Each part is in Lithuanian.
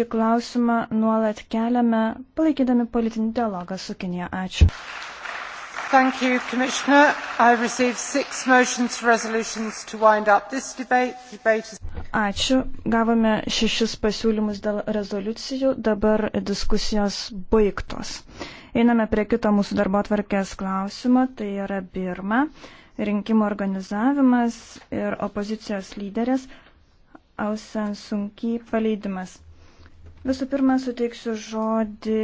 Šį klausimą nuolat keliame, palaikydami politinį dialogą su Kinija. Ačiū. Thank you, Commissioner. I received six motions for resolutions to wind up this debate. debate is... Ačiū. Gavome šešis pasiūlymus dėl rezoliucijų. Dabar diskusijos baigtos. Einame prie kito mūsų darbo tvarkės klausimo. Tai yra Birma, rinkimų organizavimas ir opozicijos lyderės Ausen Sunky paleidimas. Visų pirma, suteiksiu žodį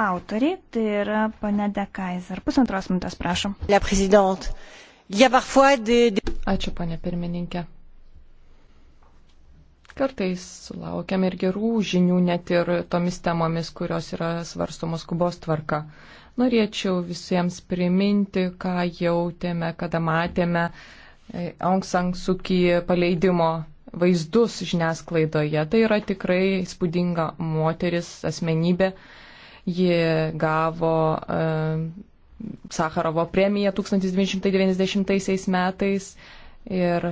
autoriai, tai yra pane De Kaiser. Pusantros minutės, prašom. Ačiū, pane pirmininkė. Kartais sulaukiam ir gerų žinių, net ir tomis temomis, kurios yra svarstomos skubos tvarka. Norėčiau visiems priminti, ką jautėme, kada matėme e, Aung San Suu Kyi paleidimo vaizdus žiniasklaidoje. Tai yra tikrai spūdinga moteris, asmenybė. Ji gavo uh, Sakarovo premiją 1990 metais ir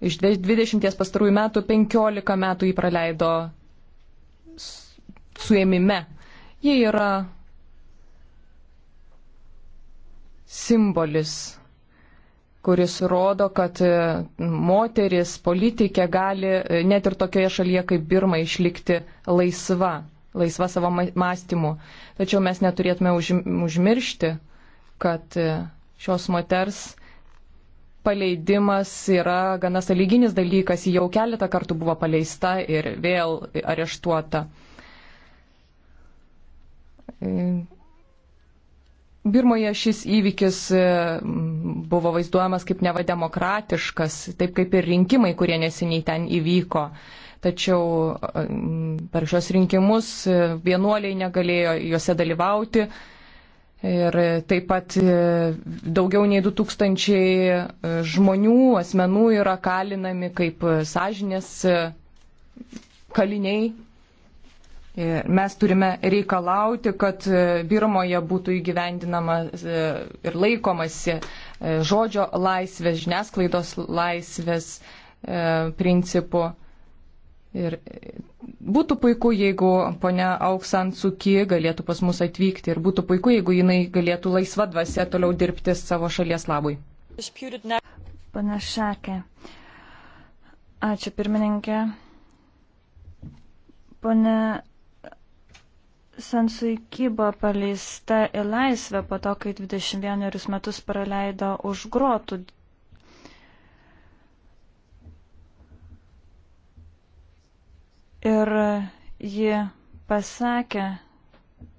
iš 20 pastarųjų metų 15 metų jį praleido suėmime. Ji yra simbolis kuris rodo, kad e, moteris politikė gali e, net ir tokioje šalyje kaip Birma išlikti laisva, laisva savo mąstymu. Tačiau mes neturėtume užmiršti, kad e, šios moters paleidimas yra gana saliginis dalykas, ji jau keletą kartų buvo paleista ir vėl areštuota. Birmoje šis įvykis e, buvo vaizduojamas kaip neva demokratiškas, taip kaip ir rinkimai, kurie neseniai ten įvyko. Tačiau e, per šios rinkimus e, vienuoliai negalėjo juose dalyvauti. Ir taip pat daugiau nei 2000 žmonių, asmenų yra kalinami kaip sąžinės kaliniai E, mes turime reikalauti, kad e, Birmoje būtų įgyvendinama e, ir laikomasi žodžio laisvės, žiniasklaidos laisvės principų. Ir būtų puiku, jeigu ponia Auksan Suki galėtų pas mus atvykti ir būtų puiku, jeigu jinai galėtų laisva dvasia toliau dirbti savo šalies labui. Panašakė. Ačiū pirmininkė. Pone Sansui Kybo paleista į laisvę po to, kai 21 metus praleido už grotų. Ir ji pasakė,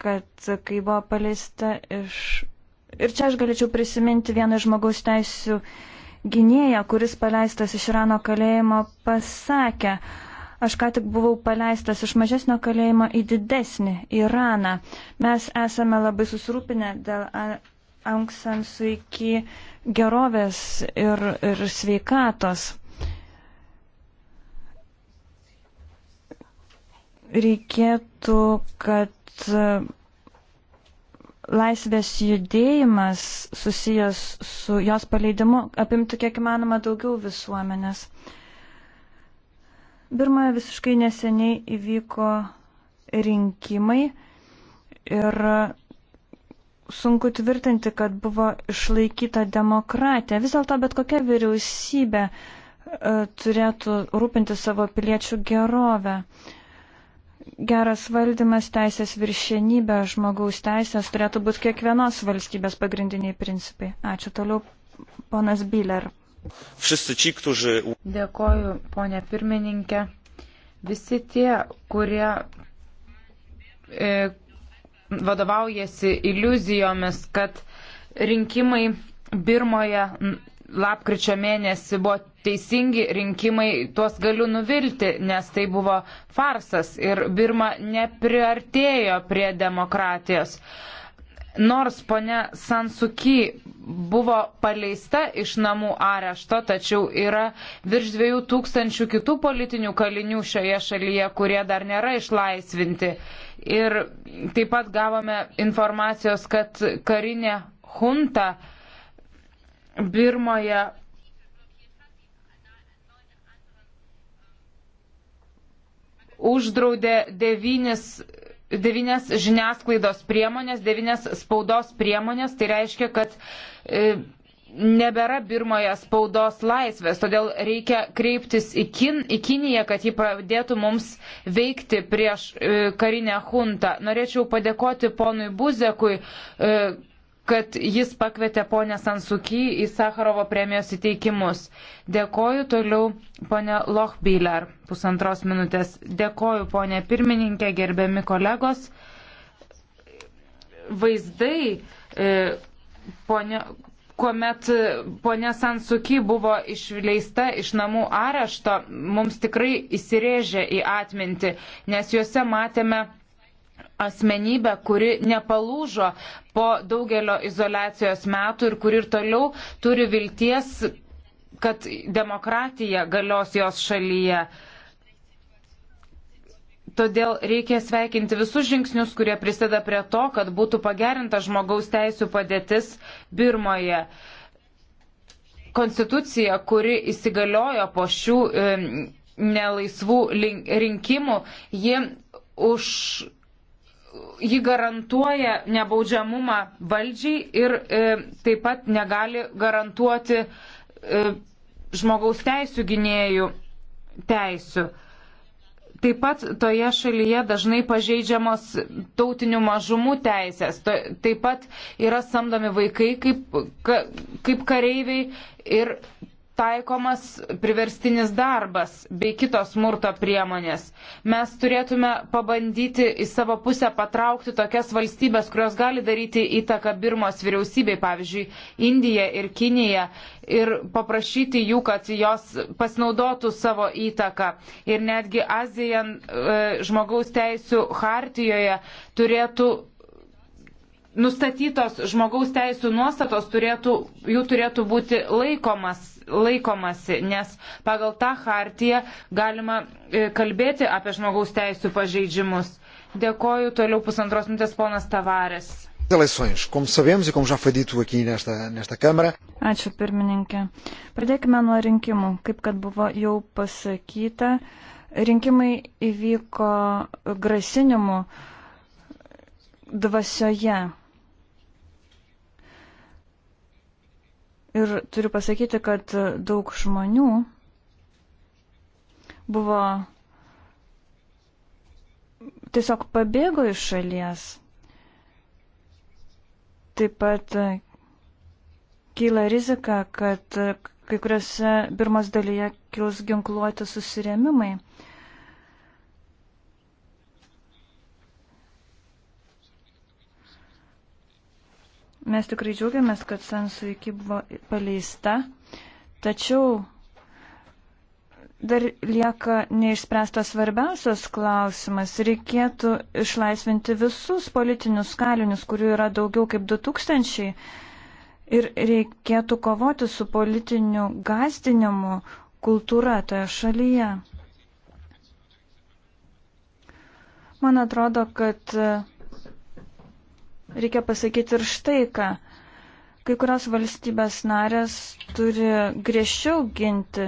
kad kai buvo paleista iš. Ir čia aš galėčiau prisiminti vieną žmogaus teisų gynėją, kuris paleistas iš Irano kalėjimo, pasakė, Aš ką tik buvau paleistas iš mažesnio kalėjimo į didesnį, Iraną. Mes esame labai susirūpinę dėl Aung San Suu Kyi gerovės ir, ir sveikatos. Reikėtų, kad e, laisvės judėjimas susijęs su jos paleidimu apimtų kiek įmanoma daugiau visuomenės. Uh, Birmoje visiškai neseniai įvyko rinkimai ir sunku tvirtinti, kad buvo išlaikyta demokratija. Vis dėlto bet kokia vyriausybė e, turėtų rūpinti savo piliečių gerovę. Geras valdymas, teisės viršienybė, žmogaus teisės turėtų būti kiekvienos valstybės pagrindiniai principai. Ačiū toliau, ponas Biler. Dėkoju, ponė pirmininkė. Visi tie, kurie e, vadovaujasi iliuzijomis, kad rinkimai Birmoje lapkričio mėnesį buvo teisingi rinkimai, tuos galiu nuvilti, nes tai buvo farsas ir Birma nepriartėjo prie demokratijos. E, Nors ponia Sansuky buvo paleista iš namų arešto, tačiau yra virš dviejų tūkstančių kitų politinių kalinių šioje šalyje, kurie dar nėra išlaisvinti. Ir taip pat gavome informacijos, kad karinė junta Birmoje uždraudė devynis devynes žiniasklaidos priemonės, devynes spaudos priemonės, tai reiškia, kad e, nebėra Birmoje spaudos laisvės, todėl reikia kreiptis į, kin, į Kiniją, kad ji pradėtų mums veikti prieš e, karinę huntą. Norėčiau padėkoti ponui Buzekui, e, kad jis pakvietė ponę Sansuky į Sakarovo premijos įteikimus. Dėkoju toliau ponę Lochbiller pusantros minutės. Dėkoju ponė pirmininkė, gerbiami kolegos. Vaizdai, e, ponė, kuomet ponė Sansuky buvo išleista iš namų arešto, mums tikrai įsirėžė į atmintį, nes juose matėme asmenybę, kuri nepalūžo po daugelio izolacijos metų ir kuri ir toliau turi vilties, kad demokratija galios jos šalyje. Todėl reikia sveikinti visus žingsnius, kurie prisideda prie to, kad būtų pagerinta žmogaus teisų padėtis Birmoje. Konstitucija, kuri įsigaliojo po šių nelaisvų rinkimų, ji už ji garantuoja nebaudžiamumą valdžiai ir e, taip pat negali garantuoti e, žmogaus teisų gynėjų teisų. Taip pat toje šalyje dažnai pažeidžiamos tautinių mažumų teisės. Taip pat yra samdomi vaikai kaip, kaip kareiviai ir taikomas priverstinis darbas bei kitos smurto priemonės. Mes turėtume pabandyti į savo pusę patraukti tokias valstybės, kurios gali daryti įtaką Birmos vyriausybei, pavyzdžiui, Indija ir Kinija, ir paprašyti jų, kad jos pasinaudotų savo įtaką. Ir netgi Azijan e, žmogaus teisų hartijoje turėtų nustatytos žmogaus teisų nuostatos turėtų, jų turėtų būti laikomas, laikomasi, nes pagal tą hartiją galima e, kalbėti apie žmogaus teisų pažeidimus. Dėkoju toliau pusantros minutės ponas Tavarės. E Ačiū pirmininkė. Pradėkime nuo rinkimų. Kaip kad buvo jau pasakyta, rinkimai įvyko grasinimu dvasioje. Ir turiu pasakyti, kad daug žmonių buvo tiesiog pabėgo iš šalies. Taip pat kyla rizika, kad kai kuriuose Birmos dalyje kils ginkluoti susirėmimai. Mes tikrai džiaugiamės, kad Sansu iki buvo paleista, tačiau dar lieka neišspręstas svarbiausias klausimas. Reikėtų išlaisvinti visus politinius kalinius, kurių yra daugiau kaip 2000. Ir reikėtų kovoti su politiniu gazdinimu kultūra toje šalyje. Man atrodo, kad reikia pasakyti ir štai ką. Kai kurios valstybės narės turi griežčiau ginti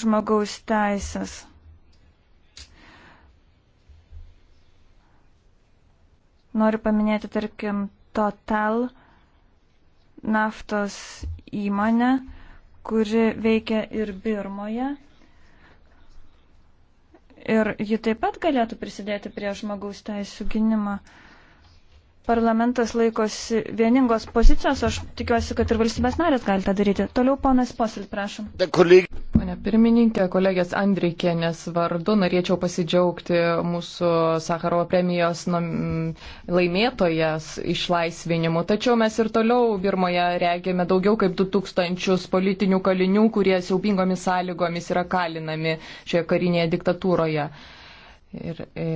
žmogaus teisės. Noriu paminėti, tarkim, Total naftos įmonę, kuri veikia ir Birmoje. Ir ji taip pat galėtų prisidėti prie žmogaus teisų gynimo parlamentas laikosi vieningos pozicijos, aš tikiuosi, kad ir valstybės narės gali tą daryti. Toliau ponas Posil, prašom. Pane pirmininkė, kolegės Andrikienės vardu norėčiau pasidžiaugti mūsų Sakarovo premijos laimėtojas išlaisvinimu. Tačiau mes ir toliau Birmoje regėme daugiau kaip 2000 politinių kalinių, kurie siaubingomis sąlygomis yra kalinami šioje karinėje diktatūroje. Ir, e,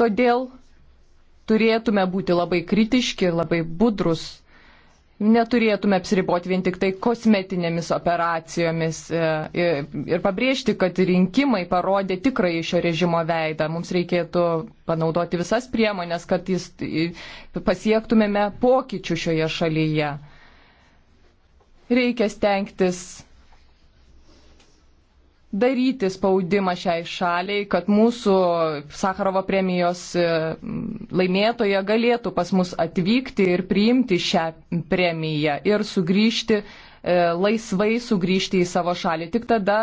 todėl turėtume būti labai kritiški, labai budrus. Neturėtume apsiriboti vien tik tai kosmetinėmis operacijomis ir, e, e, ir pabrėžti, kad rinkimai parodė tikrai šio režimo veidą. Mums reikėtų panaudoti visas priemonės, kad jis, e, pasiektumėme pokyčių šioje šalyje. Reikia stengtis daryti spaudimą šiai šaliai, kad mūsų Sakarovo premijos e, laimėtoja galėtų pas mus atvykti ir priimti šią premiją ir sugrįžti, e, laisvai sugrįžti į savo šalį. Tik tada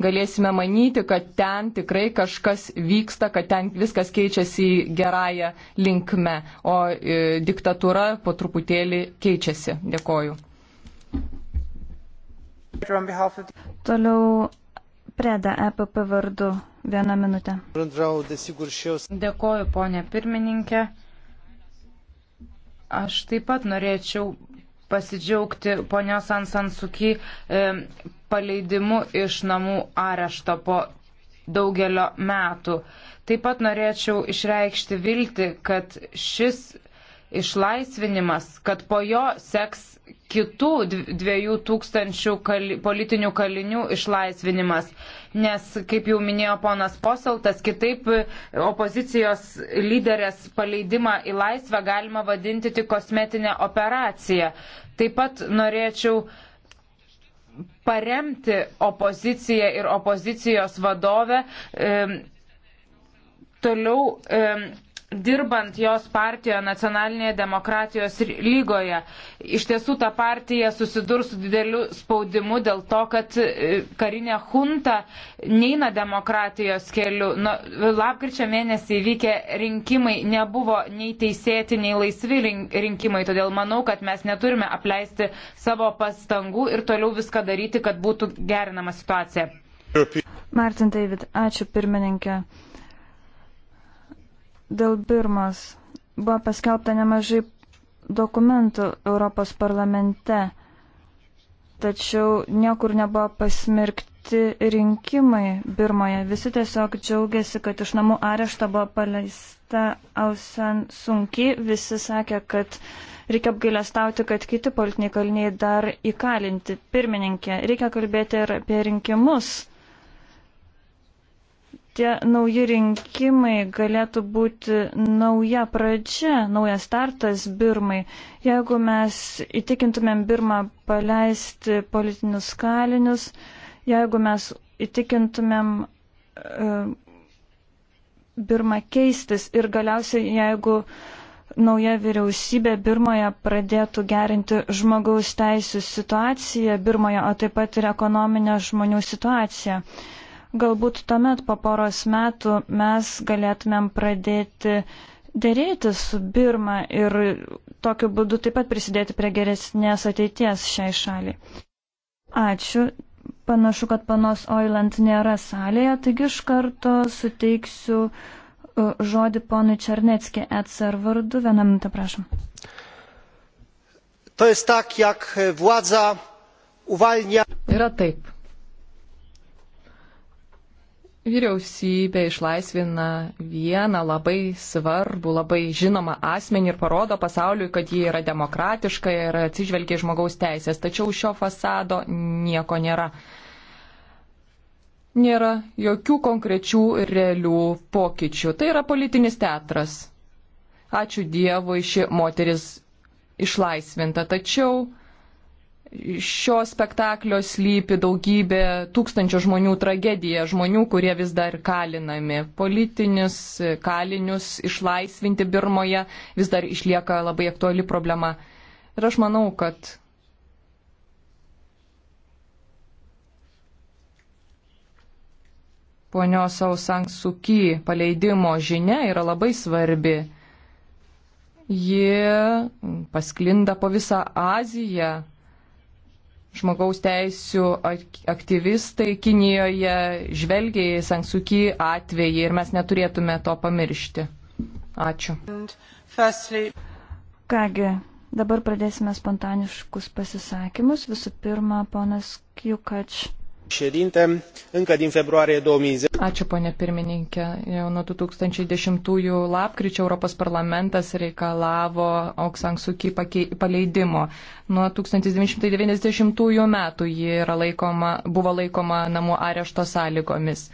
galėsime manyti, kad ten tikrai kažkas vyksta, kad ten viskas keičiasi gerąją linkme, o e, diktatūra po truputėlį keičiasi. Dėkoju. Toliau Preda EPP vardu. Vieną minutę. Dėkoju, ponė pirmininkė. Aš taip pat norėčiau pasidžiaugti ponios Ansansuki e, paleidimu iš namų arešto po daugelio metų. Taip pat norėčiau išreikšti viltį, kad šis išlaisvinimas, kad po jo seks kitų dviejų tūkstančių kali, politinių kalinių išlaisvinimas. Nes, kaip jau minėjo ponas Poseltas, kitaip e, opozicijos lyderės paleidimą į laisvę galima vadinti tik kosmetinę operaciją. Taip pat norėčiau paremti opoziciją ir opozicijos vadovę. E, toliau e, dirbant jos partijoje nacionalinėje demokratijos lygoje. Iš tiesų ta partija susidurs su dideliu spaudimu dėl to, kad e, karinė junta neina demokratijos keliu. Nu, lapkričio mėnesį įvykę rinkimai nebuvo nei teisėti, nei laisvi rinkimai, todėl manau, kad mes neturime apleisti savo pastangų ir toliau viską daryti, kad būtų gerinama situacija. Martin David, ačiū pirmininkė. Dėl Birmos buvo paskelbta nemažai dokumentų Europos parlamente, tačiau niekur nebuvo pasmirkti rinkimai Birmoje. Visi tiesiog džiaugiasi, kad iš namų arešto buvo paleista Ausan Sunki, visi sakė, kad reikia apgailestauti, kad kiti politiniai kaliniai dar įkalinti. Pirmininkė, reikia kalbėti ir apie rinkimus tie nauji rinkimai galėtų būti nauja pradžia, naujas startas Birmai. Jeigu mes įtikintumėm Birmą paleisti politinius kalinius, jeigu mes įtikintumėm uh, Birmą keistis ir galiausiai jeigu nauja vyriausybė Birmoje pradėtų gerinti žmogaus teisų situaciją Birmoje, o taip pat ir ekonominę žmonių situaciją. Uh, Galbūt tuomet po poros metų mes galėtumėm pradėti dėrėti su Birma ir tokiu būdu taip pat prisidėti prie geresnės ateities šiai šaliai. Ačiū. Panašu, kad panos Oiland nėra salėje, taigi iš karto suteiksiu e, žodį ponui Černecki ECR vardu. Vieną minutę, prašom. To jest tak, jak władza uwalnia. Yra taip vyriausybė išlaisvina vieną labai svarbų, labai žinomą asmenį ir parodo pasauliui, kad ji yra demokratiška ir atsižvelgia į žmogaus teisės. Tačiau šio fasado nieko nėra. Nėra jokių konkrečių ir realių pokyčių. Tai yra politinis teatras. Ačiū Dievui, ši moteris išlaisvinta. Tačiau šio spektaklio slypi daugybė tūkstančių žmonių tragedija, žmonių, kurie vis dar kalinami. Politinius kalinius išlaisvinti Birmoje vis dar išlieka labai aktuali problema. Ir aš manau, kad ponios Ausang Suky paleidimo žinia yra labai svarbi. Ji pasklinda po visą Aziją žmogaus teisų aktyvistai Kinijoje žvelgia į Sansuki atvejį ir mes neturėtume to pamiršti. Ačiū. Kągi, dabar pradėsime spontaniškus pasisakymus. Visų pirma, ponas Kjukač. Încă din februarie 2010. Ačiū, ponė pirmininkė. Jau nuo 2010 lapkričio Europos parlamentas reikalavo Oksansuki paleidimo. Nuo 1990 metų ji laikoma, buvo laikoma namų arešto sąlygomis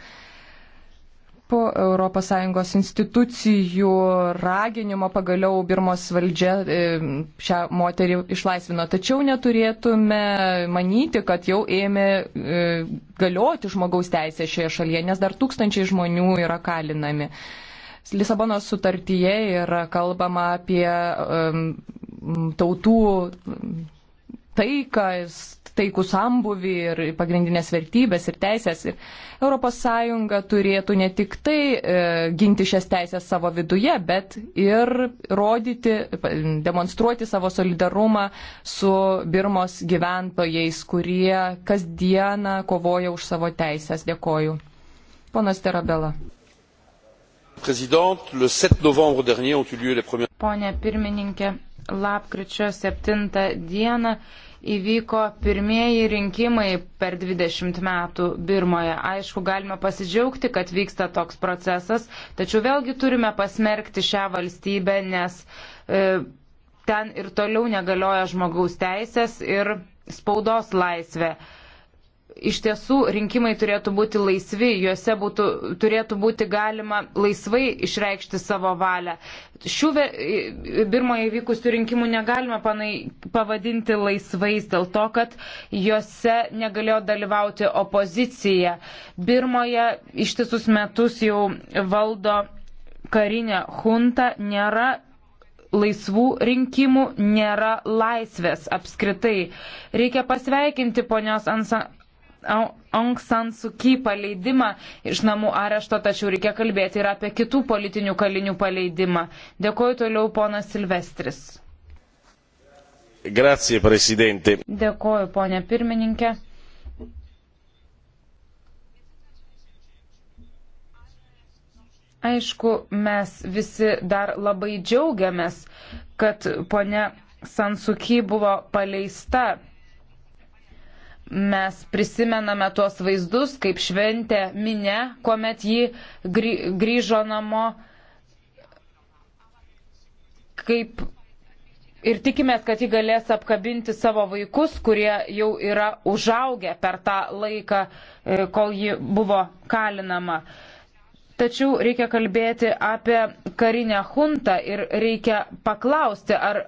po ES institucijų raginimo pagaliau Birmos valdžia e, šią moterį išlaisvino. Tačiau neturėtume manyti, kad jau ėmė e, galioti žmogaus teisė šioje šalyje, nes dar tūkstančiai žmonių yra kalinami. Lisabonos sutartyje yra kalbama apie um, tautų taiką, taikų sambuvį ir pagrindinės vertybės ir teisės. Ir ES turėtų ne tik tai e, ginti šias teisės savo viduje, bet ir rodyti, demonstruoti savo solidarumą su Birmos gyventojais, kurie kasdieną kovoja už savo teisės. Dėkoju. Ponas Terabela. Pone pirmininkė, lapkričio 7 dieną įvyko pirmieji rinkimai per 20 metų Birmoje. Aišku, galime pasidžiaugti, kad vyksta toks procesas, tačiau vėlgi turime pasmerkti šią valstybę, nes e, ten ir toliau negalioja žmogaus teisės ir spaudos laisvė. E, iš tiesų rinkimai turėtų būti laisvi, juose būtų, turėtų būti galima laisvai išreikšti savo valią. Šių Birmoje vykusių rinkimų negalima panai, pavadinti laisvais dėl to, kad juose negalėjo dalyvauti opozicija. Birmoje ištisus metus jau valdo karinė junta, nėra laisvų rinkimų nėra laisvės apskritai. Reikia pasveikinti ponios Aung San Suu Kyi paleidimą iš namų arešto, tačiau reikia kalbėti ir apie kitų politinių kalinių paleidimą. Dėkuoju toliau ponas Silvestris. Grazie, prezidentė. Dėkuoju, ponė pirmininkė. Aišku, mes visi dar labai džiaugiamės, kad ponia Sansuky buvo paleista mes prisimename tuos vaizdus, kaip šventė minė, kuomet ji grįžo namo, kaip ir tikimės, kad ji galės apkabinti savo vaikus, kurie jau yra užaugę per tą laiką, e, kol ji buvo kalinama. Tačiau reikia kalbėti apie karinę huntą ir reikia paklausti, ar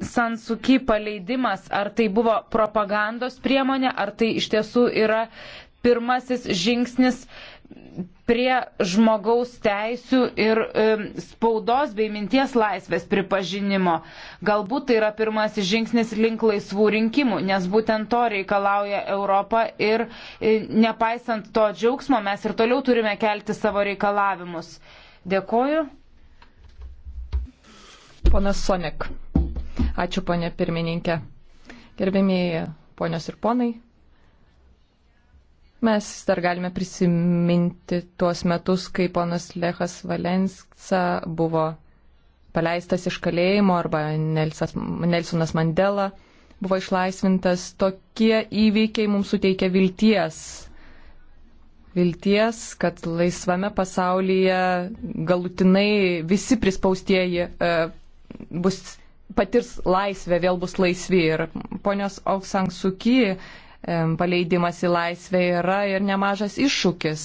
Sansuki paleidimas, ar tai buvo propagandos priemonė, ar tai iš tiesų yra pirmasis žingsnis prie žmogaus teisių ir e, spaudos bei minties laisvės pripažinimo. Galbūt tai yra pirmasis žingsnis link laisvų rinkimų, nes būtent to reikalauja Europa ir e, nepaisant to džiaugsmo mes ir toliau turime kelti savo reikalavimus. Dėkoju. Ponas Sonek. Ačiū, ponė pirmininkė. Gerbėmėjai, ponios ir ponai. Mes dar galime prisiminti tuos metus, kai ponas Lechas Valensa buvo paleistas iš kalėjimo arba Nelsas, Nelsonas Mandela buvo išlaisvintas. Tokie įvykiai mums suteikia vilties. Vilties, kad laisvame pasaulyje galutinai visi prispaustieji e, bus patirs laisvę, vėl bus laisvi. Ir ponios Auksang Suki paleidimas į laisvę yra ir nemažas iššūkis.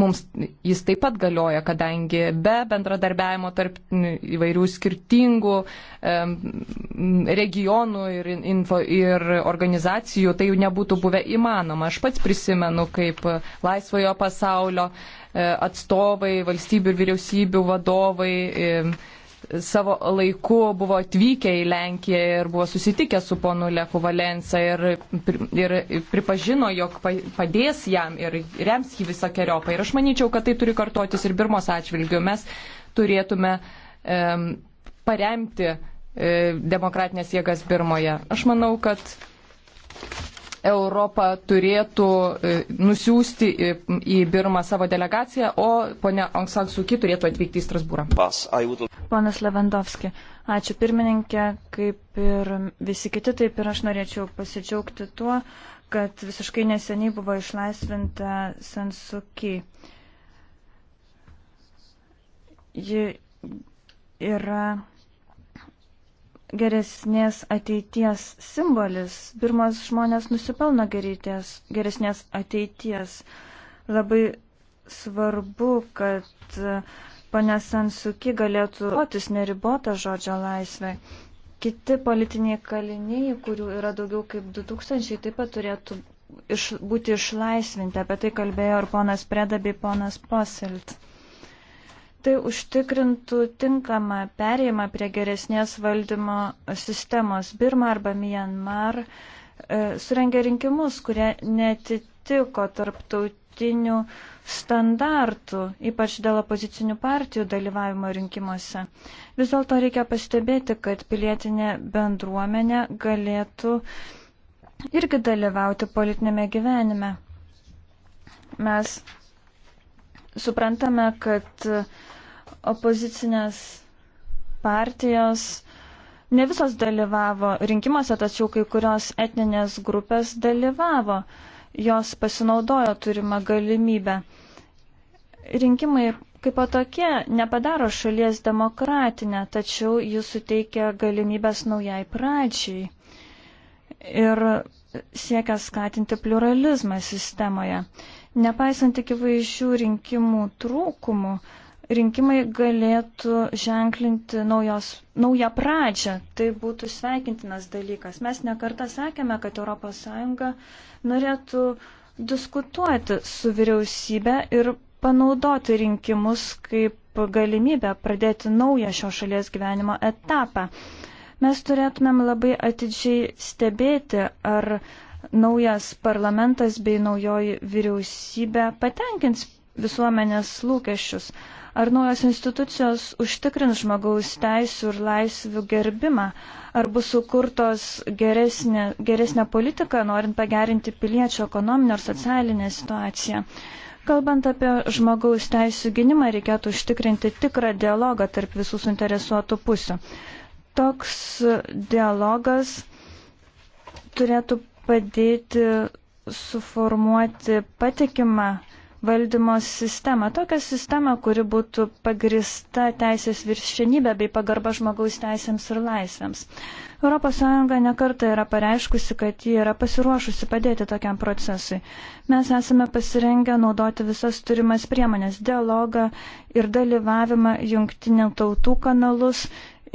Mums jis taip pat galioja, kadangi be bendradarbiavimo tarp įvairių skirtingų regionų ir, info, ir organizacijų tai jau nebūtų buvę įmanoma. Aš pats prisimenu, kaip laisvojo pasaulio e, atstovai, valstybių ir vyriausybių vadovai savo laiku buvo atvykę į Lenkiją ir buvo susitikę su ponu Lechu Valensa ir, ir pripažino, jog padės jam ir rems jį visą keriopą. Ir aš manyčiau, kad tai turi kartotis ir Birmos atžvilgių. Mes turėtume e, paremti e, demokratinės jėgas Birmoje. Aš manau, kad Europa turėtų e, nusiųsti į Birmą savo delegaciją, o ponia Anksan Suki turėtų atvykti į Strasbūrą. Ponas Levandovski, ačiū pirmininkė, kaip ir visi kiti, taip ir aš norėčiau pasidžiaugti tuo, kad visiškai neseniai buvo išlaisvinta Sansuki. Ji yra geresnės ateities simbolis. Birmos žmonės nusipelno gerytės, geresnės ateities. Labai svarbu, kad e, ponė Sansuki galėtų otis neribotą žodžio laisvę. Kiti politiniai kaliniai, kurių yra daugiau kaip 2000, taip pat turėtų iš, būti išlaisvinti. Apie tai kalbėjo ir ponas Preda bei ponas Posilt. Tai užtikrintų tinkamą perėjimą prie geresnės valdymo sistemos. Birma arba Myanmar e, surengė rinkimus, kurie netitiko tarptautinių standartų, ypač dėl opozicinių partijų dalyvavimo rinkimuose. Vis dėlto reikia pastebėti, kad pilietinė bendruomenė galėtų irgi dalyvauti politinėme gyvenime. Mes Suprantame, kad opozicinės partijos ne visos dalyvavo rinkimuose, tačiau kai kurios etninės grupės dalyvavo. Jos pasinaudojo turimą galimybę. Rinkimai kaip po tokie nepadaro šalies demokratinę, tačiau jis suteikia galimybės naujai pradžiai ir siekia skatinti pluralizmą sistemoje. Nepaisant iki vaizdžių rinkimų trūkumų, rinkimai galėtų ženklinti naujos, naują pradžią. Tai būtų sveikintinas dalykas. Mes nekartą sakėme, kad ES norėtų diskutuoti su vyriausybė ir panaudoti rinkimus kaip galimybę pradėti naują šios šalies gyvenimo etapą. Mes turėtumėm labai atidžiai stebėti, ar naujas parlamentas bei naujoji vyriausybė patenkins visuomenės lūkesčius? Ar naujos institucijos užtikrins žmogaus teisų ir laisvių gerbimą? Ar bus sukurtos geresnė, geresnė politika, norint pagerinti piliečio ekonominę ir socialinę situaciją? Kalbant apie žmogaus teisų gynimą, reikėtų užtikrinti tikrą dialogą tarp visų suinteresuotų pusių. Toks dialogas turėtų padėti suformuoti patikimą valdymo sistemą. Tokią sistemą, kuri būtų pagrista teisės viršenybė bei pagarba žmogaus teisėms ir laisvėms. ES nekarta yra pareiškusi, kad ji yra pasiruošusi padėti tokiam procesui. Mes esame pasirengę naudoti visas turimas priemonės - dialogą ir dalyvavimą jungtinių tautų kanalus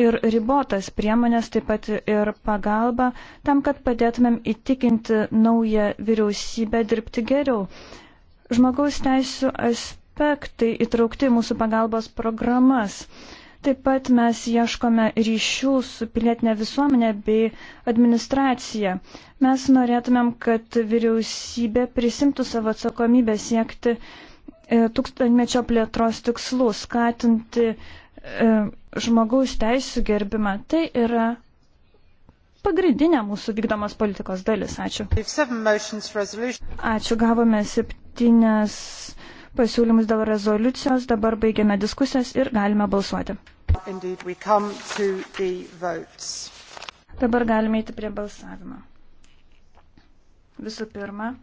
ir ribotas priemonės, taip pat ir pagalba, tam, kad padėtumėm įtikinti naują vyriausybę dirbti geriau. Žmogaus teisų aspektai įtraukti mūsų pagalbos programas. Taip pat mes ieškome ryšių su pilietinė visuomenė bei administracija. Mes norėtumėm, kad vyriausybė prisimtų savo atsakomybę siekti e, tūkstantmečio plėtros tikslų, skatinti e, žmogaus teisų gerbimą. Tai yra pagrindinė mūsų vykdomos politikos dalis. Ačiū. Ačiū, gavome septynes pasiūlymus dėl rezoliucijos, dabar baigiame diskusijas ir galime balsuoti. Indeed, dabar galime įti prie balsavimo. Visų pirma,